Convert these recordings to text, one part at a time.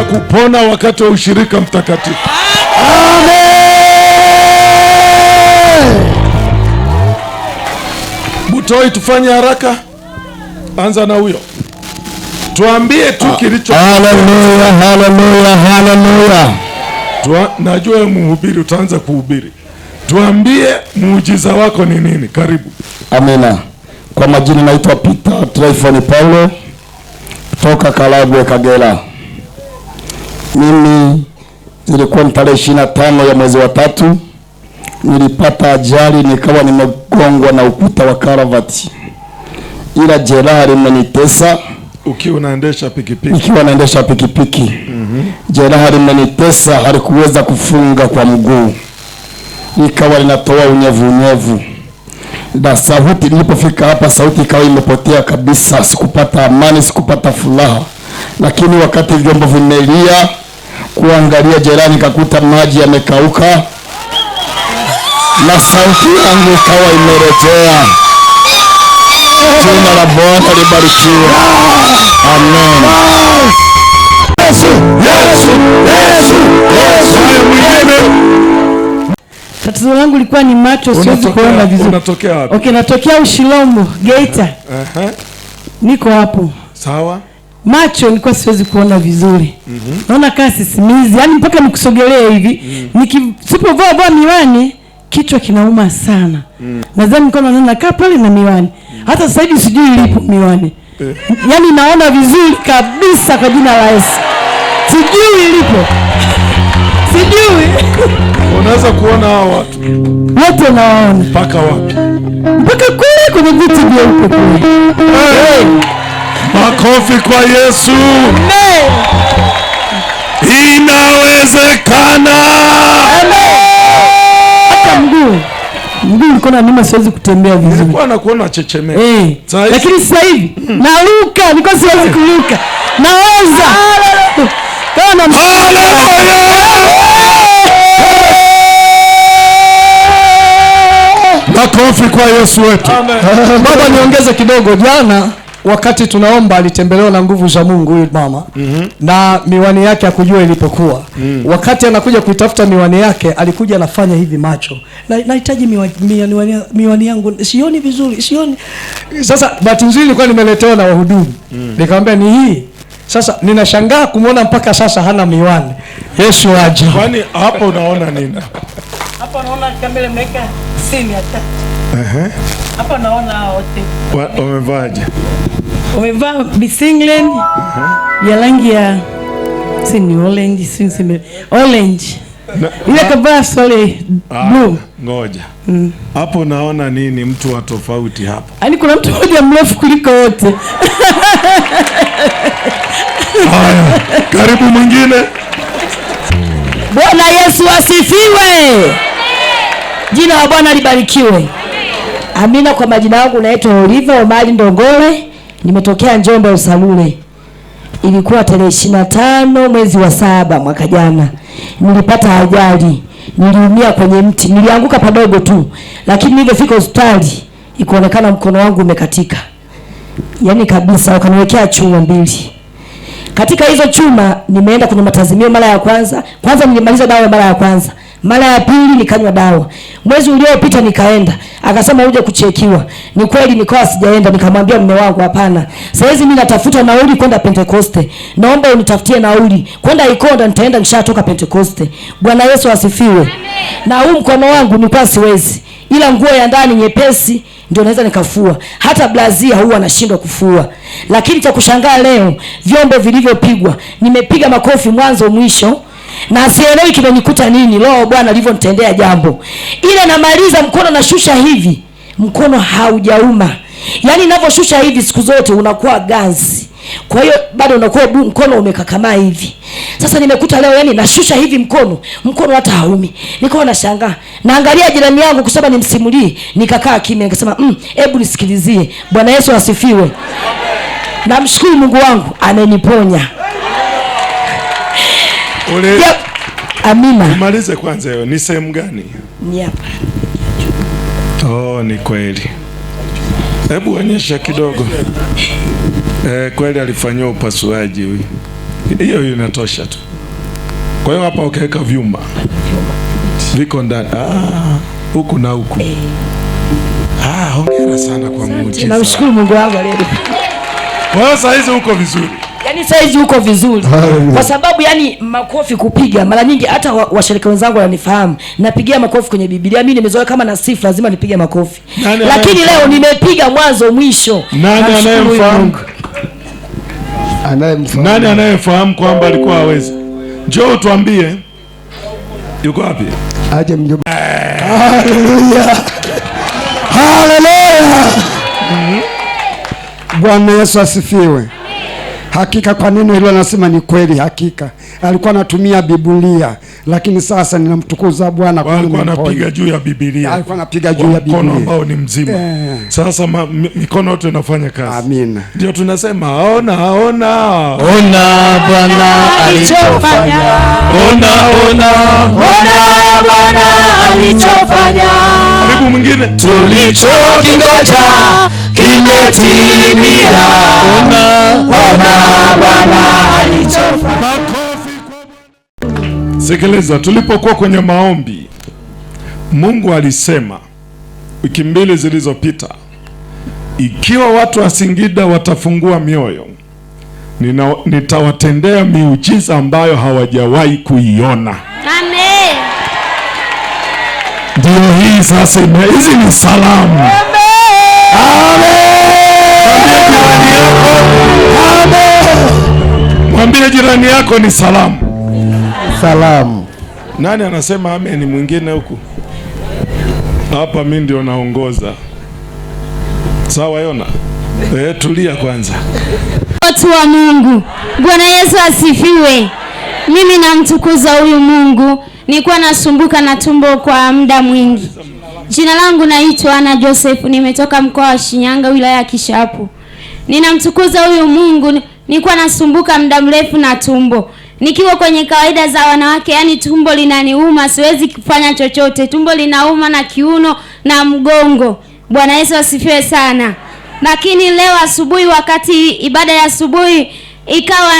ya kupona wakati wa ushirika mtakatifu. Amen. Butoi, tufanye haraka, anza na huyo, tuambie tu ah, kilicho. Haleluya, haleluya, haleluya. Najua mhubiri utaanza kuhubiri, tuambie muujiza wako ni nini? Karibu. Amina. Kwa majina naitwa Peter Tryphon Paulo toka Kalabwe, Kagera. Mimi nilikuwa ni tarehe ishirini na tano ya mwezi wa tatu nilipata ajali nikawa nimegongwa na ukuta wa karavati, ila jeraha limenitesa. Ukiwa unaendesha pikipiki? Nikiwa pikipiki. mm -hmm. Jeraha limenitesa, halikuweza kufunga kwa mguu, ikawa linatoa unyevu unyevu na sauti. Nilipofika hapa, sauti ikawa imepotea kabisa. Sikupata amani, sikupata furaha, lakini wakati vyombo vimelia kuangalia jirani, kakuta maji yamekauka, na sauti yangu ikawa imerejea. Jina la Bwana libarikiwe, amen. Tatizo langu likuwa ni macho, siwezi kuona vizuri. Unatokea wapi? Okay, natokea Ushilombo, Geita. Uh -huh. Niko hapo. Sawa macho nilikuwa siwezi kuona vizuri mm -hmm. Naona kama sisimizi, yani mpaka nikusogelee hivi mm. Nikisipovaa vaa miwani kichwa kinauma sana mm. Nadhani nilikuwa naona nakaa pale na miwani mm. Hata sasa hivi sijui ilipo miwani eh. Yaani naona vizuri kabisa kwa jina la Yesu, sijui ilipo sijui unaweza kuona hao watu wote, naona mpaka wapi? Mpaka kule kwenye viti vyeupe kule hey. Eh. Eh. hey makofi kwa Yesu. Inawezekana. Hata mguu mguu ulikuwa na nyuma, siwezi kutembea vizuri, nilikuwa nakuona chechemea eh, lakini sasa hivi naruka, nilikuwa siwezi kuruka, naweza kama makofi kwa Yesu wetu. Baba, niongeze kidogo jana wakati tunaomba alitembelewa na nguvu za Mungu huyu mama mm -hmm. na miwani yake hakujua ilipokuwa mm. Wakati anakuja kuitafuta miwani yake alikuja anafanya hivi macho, na nahitaji miwani, miwani, yangu sioni vizuri, sioni. Sasa bahati nzuri ilikuwa nimeletewa na wahudumu mm. nikamwambia ni hii sasa ninashangaa kumwona mpaka sasa hana miwani. Yesu aje! Kwani hapo unaona nini? Hapo unaona kamera imeweka sini hata. Ehe. Hapa naona wote. Wamevaje? Umevaa bisinglen ya rangi ya si ni orange, si si orange. Ile kabaa, sole ah, blue. Ngoja. Mm. Hapo naona nini mtu wa tofauti hapo? Yaani kuna mtu mmoja mrefu kuliko wote. Haya, karibu mwingine. Bwana Yesu asifiwe. Jina la Bwana libarikiwe. Amina. Kwa majina yangu naitwa Oliva Omari Ndongole. Nimetokea Njombe Usalule, ilikuwa tarehe ishirini na tano mwezi wa saba mwaka jana, nilipata ajali, niliumia kwenye mti, nilianguka padogo tu, lakini nilivyofika hospitali ikuonekana mkono wangu umekatika, yaani kabisa, wakaniwekea chuma mbili. Katika hizo chuma nimeenda kwenye matazimio mara ya kwanza, kwanza nilimaliza dawa mara ya kwanza mara ya pili nikanywa dawa. Mwezi uliopita nikaenda. Akasema uje kuchekiwa. Ni kweli nikawa sijaenda, nikamwambia mume wangu hapana. Sasa hizi mimi natafuta nauli kwenda Pentekoste. Naomba unitafutie nauli. Kwenda Ikonda nitaenda nishatoka Pentekoste. Bwana Yesu asifiwe. Na huu mkono wangu nilikuwa siwezi. Ila nguo ya ndani nyepesi ndio naweza nikafua. Hata blazia huwa nashindwa kufua. Lakini cha kushangaa leo vyombo vilivyopigwa. Nimepiga makofi mwanzo mwisho na sielewi kimenikuta nini, roho Bwana alivyonitendea jambo. Ile namaliza mkono nashusha hivi, mkono haujauma. Yaani ninavyoshusha hivi siku zote unakuwa ganzi. Kwa hiyo bado unakuwa mkono umekakamaa hivi. Sasa nimekuta leo yani nashusha hivi mkono, mkono hata haumi. Nikawa nashangaa. Naangalia jirani yangu kusema nimsimulie, nikakaa kimya nikasema, "Mm, hebu nisikilizie. Bwana Yesu asifiwe." Namshukuru Mungu wangu ameniponya. Ule... Amina. Umalize kwanza hiyo. Ni sehemu gani? Ni hapa. Oh, ni kweli. Hebu onyesha kidogo. Eh, kweli alifanyiwa upasuaji huyu. Hiyo hiyo inatosha tu. Kwa hiyo hapa ukaweka vyuma viko ndani ah, huku na huku eh. Ah, hongera sana kwa muujiza. Namshukuru Mungu wangu Kwa hiyo saa hizi uko vizuri yani saizi uko vizuri kwa sababu yani makofi kupiga mara nyingi hata washirika wa wenzangu wananifahamu napigia makofi kwenye Biblia. Mimi yaani nimezoea kama na sifa lazima nipige makofi nani, lakini leo nimepiga mwanzo mwisho. Nani anayemfahamu nani anayemfahamu kwamba alikuwa hawezi? Njoo tuambie yuko wapi? Aje mjomba. Eh. Haleluya. Haleluya. Mhm. Bwana Yesu asifiwe. Hakika kwa neno hilo anasema ni kweli. Hakika alikuwa anatumia Biblia, lakini sasa ninamtukuza Bwana. kwa Alikuwa anapiga juu ya Biblia, alikuwa anapiga juu ya Biblia, mkono ambao ni mzima eh. Sasa ma, mikono yote inafanya kazi. Amina, ndio tunasema ona, ona, ona Bwana alichofanya, ona, ona, ona Bwana alichofanya Mungu mwingine. Tulichokingoja kimetimia, ona Bwana alitofanya. Sikiliza, tulipokuwa kwenye maombi, Mungu alisema wiki mbili zilizopita, ikiwa watu wa Singida watafungua mioyo nitawatendea miujiza ambayo hawajawahi kuiona. Amen. Ndio hii sasa, hizi ni salamu. Mwambie jirani yako ni salamu, salamu. Nani anasema amen? Mwingine huku hapa, mi ndio naongoza. Sawa Yona, e, tulia kwanza. Watu wa Mungu, Bwana Yesu asifiwe. Mimi namtukuza huyu Mungu Nilikuwa nasumbuka na tumbo kwa muda mwingi. Jina langu naitwa Ana Joseph, nimetoka mkoa wa Shinyanga, wilaya ya Kishapu. Ninamtukuza huyu Mungu. Nilikuwa nasumbuka muda mrefu na tumbo, nikiwa kwenye kawaida za wanawake, yaani tumbo linaniuma, siwezi kufanya chochote, tumbo linauma na kiuno na mgongo. Bwana Yesu asifiwe sana. Lakini leo asubuhi, wakati ibada ya asubuhi ikawa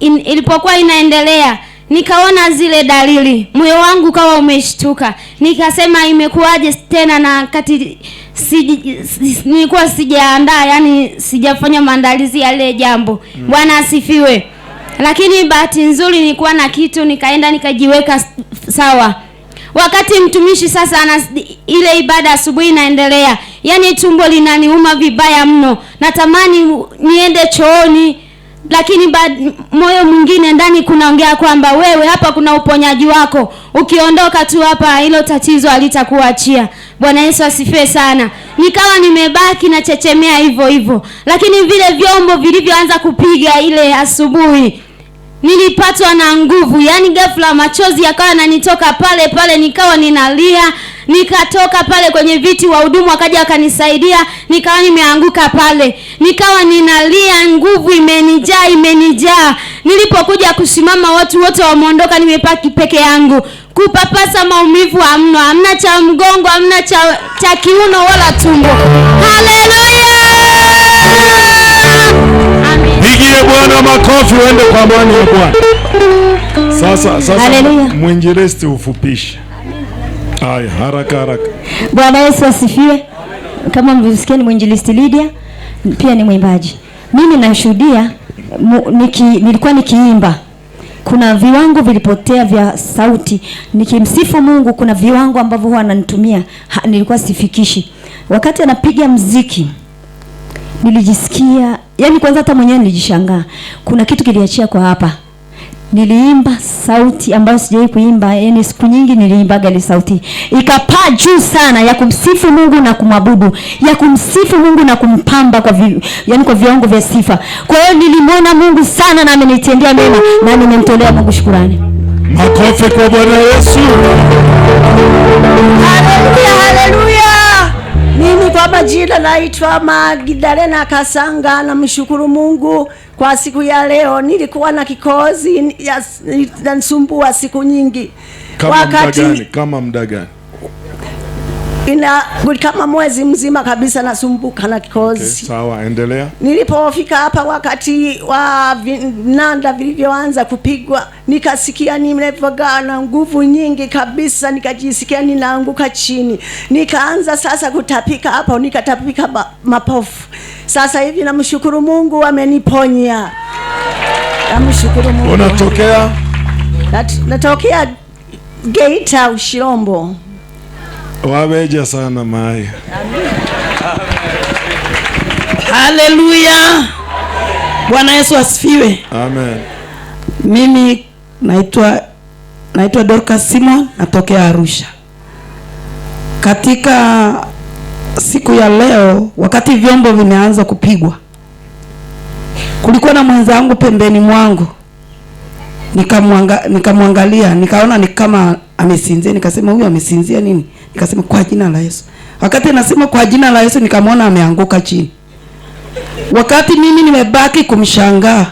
in, ilipokuwa inaendelea nikaona zile dalili, moyo wangu kawa umeshtuka, nikasema imekuwaje tena na kati siji, nilikuwa sijaandaa, yani sijafanya maandalizi ya lile jambo. Mm. Bwana mm. asifiwe. Lakini bahati nzuri nilikuwa na kitu, nikaenda nikajiweka sawa. Wakati mtumishi sasa ana ile ibada asubuhi inaendelea, yani tumbo linaniuma vibaya mno, natamani niende chooni lakini bad, moyo mwingine ndani kunaongea kwamba wewe hapa kuna uponyaji wako, ukiondoka tu hapa hilo tatizo halitakuachia. Bwana Yesu asifiwe sana. Nikawa nimebaki nachechemea hivyo hivyo, lakini vile vyombo vilivyoanza kupiga ile asubuhi nilipatwa na nguvu, yaani ghafla machozi yakawa yananitoka pale pale, nikawa ninalia, nikatoka pale kwenye viti, wahudumu wakaja wakanisaidia, nikawa nimeanguka pale, nikawa ninalia, nguvu imenijaa, imenijaa. Nilipokuja kusimama watu wote wameondoka, nimepaki peke yangu, kupapasa maumivu hamna, hamna cha mgongo, hamna cha, cha kiuno wala tumbo. Haleluya, Pigie Bwana makofi, uende kwa amani ya Bwana. Sasa sasa, mwinjilisti, ufupisha Haya, haraka haraka. Bwana Yesu asifiwe. Kama mlivyosikia ni mwinjilisti Lydia, pia ni mwimbaji. Mimi nashuhudia niki, nilikuwa nikiimba kuna viwango vilipotea vya sauti. Nikimsifu Mungu, kuna viwango ambavyo huwa ananitumia nilikuwa sifikishi. Wakati anapiga mziki nilijisikia, yani kwanza hata mwenyewe nilijishangaa, kuna kitu kiliachia kwa hapa Niliimba sauti ambayo sijawahi kuimba, yani siku nyingi niliimbaga ile sauti ikapaa juu sana, ya kumsifu Mungu na kumwabudu, ya kumsifu Mungu na kumpamba kwa vi, yani kwa viwango vya sifa. Kwa hiyo nilimwona Mungu sana na amenitendea mema na nimemtolea Mungu shukurani. Makofi kwa Bwana Yesu. Haleluya, haleluya. Mimi kwa majina naitwa Magdalena Kasanga, namshukuru Mungu kwa siku ya leo nilikuwa na kikozi nansumbua siku nyingi. Kama wakati Kama muda gani? Ina kama mwezi mzima kabisa nasumbuka na kikozi. Okay, sawa, endelea. Nilipofika hapa wakati wa vinanda vilivyoanza kupigwa, nikasikia na nguvu nyingi kabisa, nikajisikia ninaanguka chini, nikaanza sasa kutapika hapo, nikatapika mapofu sasa hivi namshukuru Mungu ameniponya. Namshukuru Mungu. Unatokea? Nat, natokea Geita Ushirombo. Waweja sana Maya. Haleluya. Bwana Yesu asifiwe. Amen. Mimi naitwa naitwa Dorcas Simon natokea Arusha. Katika siku ya leo, wakati vyombo vimeanza kupigwa, kulikuwa na mwenzangu pembeni mwangu, nikamwanga nikamwangalia, nikaona ni kama amesinzia, nikasema huyu amesinzia nini? Nikasema kwa jina la Yesu. Wakati nasema kwa jina la Yesu, nikamwona ameanguka chini, wakati mimi nimebaki kumshangaa,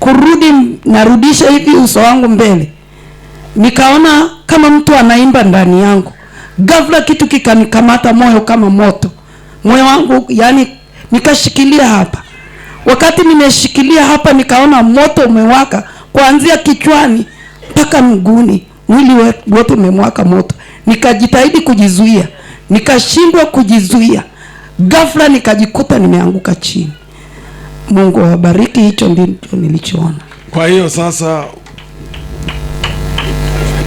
kurudi narudisha hivi uso wangu mbele, nikaona kama mtu anaimba ndani yangu ghafla kitu kikanikamata moyo kama moto, moyo wangu yani, nikashikilia hapa. Wakati nimeshikilia hapa, nikaona moto umewaka kuanzia kichwani mpaka mguuni, mwili wote umemwaka moto. Nikajitahidi kujizuia, nikashindwa kujizuia, ghafla nikajikuta nimeanguka chini. Mungu awabariki. Hicho ndicho nilichoona. Kwa hiyo sasa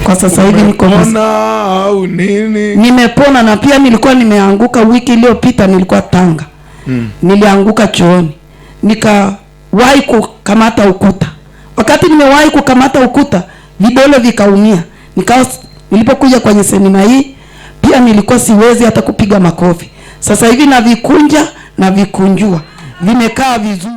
kwa sasa hivi niko au nini? Nimepona na pia nilikuwa nimeanguka wiki iliyopita, nilikuwa Tanga. Mm. Nilianguka chooni. Nikawahi kukamata ukuta. Wakati nimewahi kukamata ukuta, vidole vikaumia. Nikao nilipokuja kwenye semina hii pia nilikuwa siwezi hata kupiga makofi. Sasa hivi navikunja na vikunjua. Vimekaa vizuri.